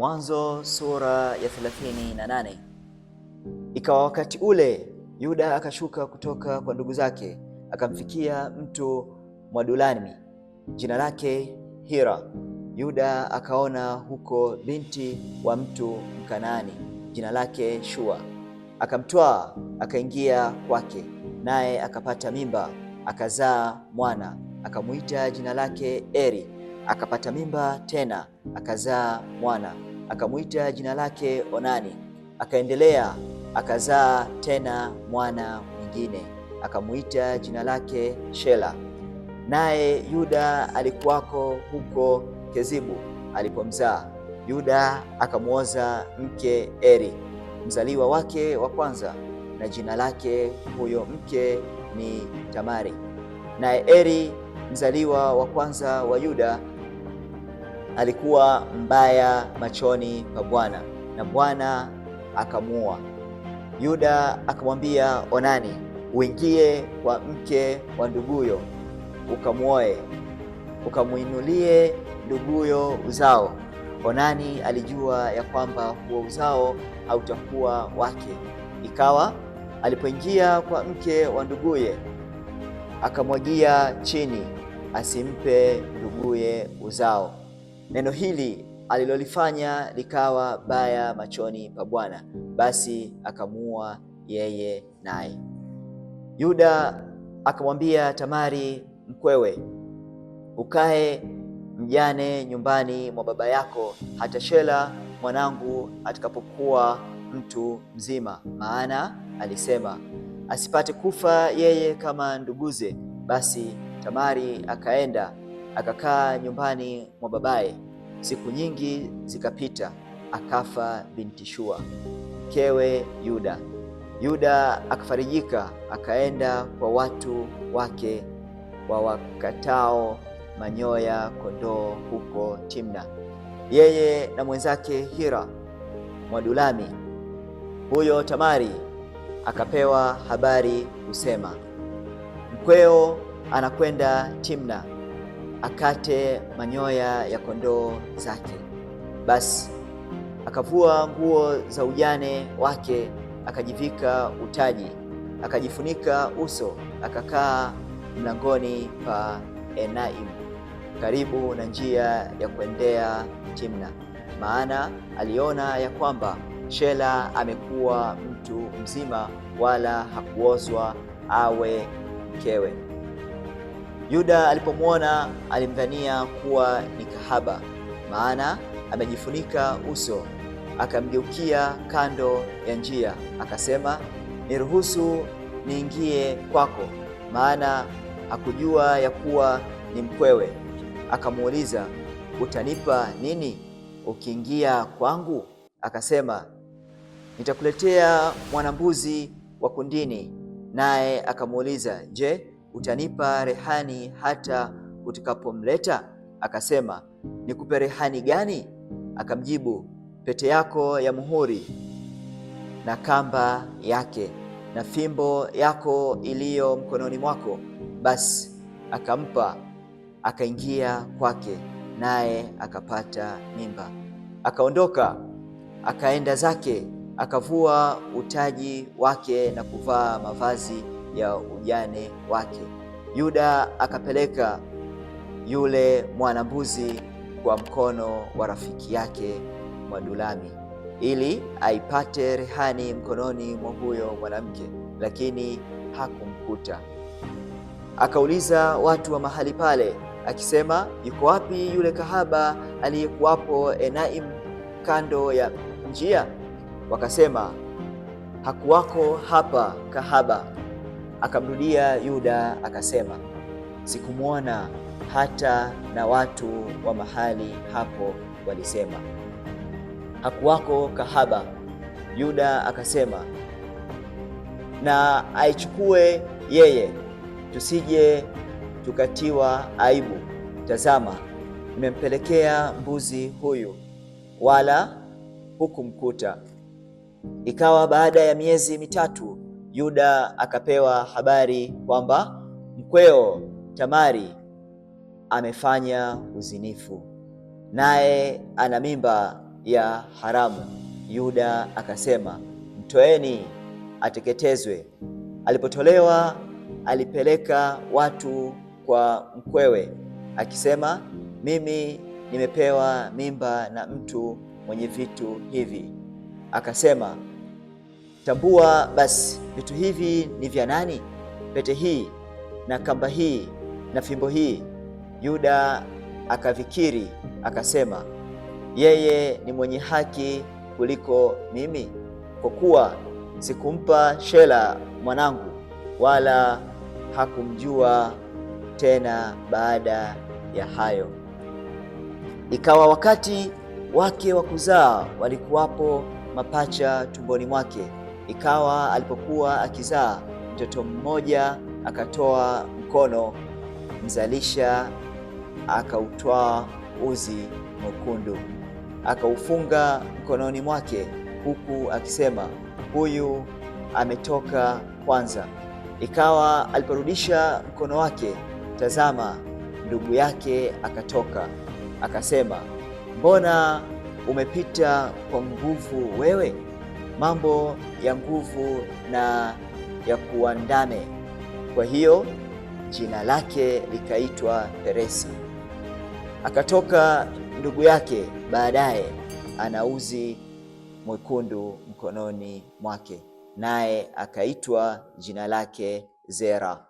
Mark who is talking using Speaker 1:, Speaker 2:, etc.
Speaker 1: Mwanzo sura ya 38. Ikawa wakati ule Yuda akashuka kutoka kwa ndugu zake akamfikia mtu Mwadulami jina lake Hira. Yuda akaona huko binti wa mtu Mkanaani jina lake Shua, akamtwaa akaingia kwake, naye akapata mimba akazaa mwana, akamwita jina lake Eri. Akapata mimba tena akazaa mwana akamwita jina lake Onani. Akaendelea akazaa tena mwana mwingine, akamwita jina lake Shela. Naye Yuda alikuwako huko Kezibu alipomzaa. Yuda akamwoza mke Eri, mzaliwa wake wa kwanza, na jina lake huyo mke ni Tamari. Naye Eri mzaliwa wa kwanza wa Yuda alikuwa mbaya machoni pa Bwana na Bwana akamuua. Yuda akamwambia Onani, uingie kwa mke wa nduguyo ukamwoe, ukamwinulie nduguyo uzao. Onani alijua ya kwamba huo uzao hautakuwa wake. Ikawa alipoingia kwa mke wa nduguye, akamwagia chini, asimpe nduguye uzao neno hili alilolifanya likawa baya machoni pa Bwana, basi akamuua yeye naye. Yuda akamwambia Tamari mkwewe, ukae mjane nyumbani mwa baba yako hata Shela mwanangu atakapokuwa mtu mzima, maana alisema asipate kufa yeye kama nduguze. Basi Tamari akaenda akakaa nyumbani mwa babaye. Siku nyingi zikapita, akafa binti Shua mkewe Yuda. Yuda akafarijika, akaenda kwa watu wake wa wakatao manyoya kondoo huko Timna, yeye na mwenzake Hira Mwadulami. Huyo Tamari akapewa habari kusema, mkweo anakwenda Timna akate manyoya ya kondoo zake. Basi akavua nguo za ujane wake, akajivika utaji, akajifunika uso, akakaa mlangoni pa Enaim karibu na njia ya kuendea Timna, maana aliona ya kwamba Shela amekuwa mtu mzima, wala hakuozwa awe mkewe. Yuda alipomwona alimdhania kuwa ni kahaba, maana amejifunika uso. Akamgeukia kando ya njia, akasema, niruhusu niingie kwako, maana hakujua ya kuwa ni mkwewe. Akamuuliza, utanipa nini ukiingia kwangu? Akasema, nitakuletea mwanambuzi wa kundini. Naye akamuuliza, je, utanipa rehani hata utakapomleta? Akasema, nikupe rehani gani? Akamjibu, pete yako ya muhuri na kamba yake na fimbo yako iliyo mkononi mwako. Basi akampa, akaingia kwake, naye akapata mimba. Akaondoka akaenda zake, akavua utaji wake na kuvaa mavazi ya ujane wake. Yuda akapeleka yule mwanambuzi kwa mkono wa rafiki yake Mwadulami ili aipate rehani mkononi mwa huyo mwanamke, lakini hakumkuta. Akauliza watu wa mahali pale akisema, yuko wapi yule kahaba aliyekuwapo Enaim kando ya njia? Wakasema, hakuwako hapa kahaba. Akamrudia Yuda akasema, sikumwona hata na watu wa mahali hapo walisema, hakuwako kahaba. Yuda akasema, na aichukue yeye, tusije tukatiwa aibu. Tazama, nimempelekea mbuzi huyu, wala hukumkuta. Ikawa baada ya miezi mitatu Yuda akapewa habari kwamba mkweo Tamari amefanya uzinifu, naye ana mimba ya haramu. Yuda akasema, mtoeni ateketezwe. Alipotolewa alipeleka watu kwa mkwewe akisema, mimi nimepewa mimba na mtu mwenye vitu hivi. Akasema, tambua basi Vitu hivi ni vya nani? Pete hii na kamba hii na fimbo hii? Yuda akavikiri akasema, yeye ni mwenye haki kuliko mimi, kwa kuwa sikumpa Shela mwanangu, wala hakumjua tena baada ya hayo. Ikawa wakati wake wa kuzaa walikuwapo mapacha tumboni mwake Ikawa alipokuwa akizaa mtoto mmoja, akatoa mkono mzalisha, akautwaa uzi mwekundu, akaufunga mkononi mwake, huku akisema, huyu ametoka kwanza. Ikawa aliporudisha mkono wake, tazama, ndugu yake akatoka. Akasema, mbona umepita kwa nguvu wewe? Mambo ya nguvu na ya kuandame. Kwa hiyo jina lake likaitwa Peresi. Akatoka ndugu yake baadaye ana uzi mwekundu mkononi mwake, naye akaitwa jina lake Zera.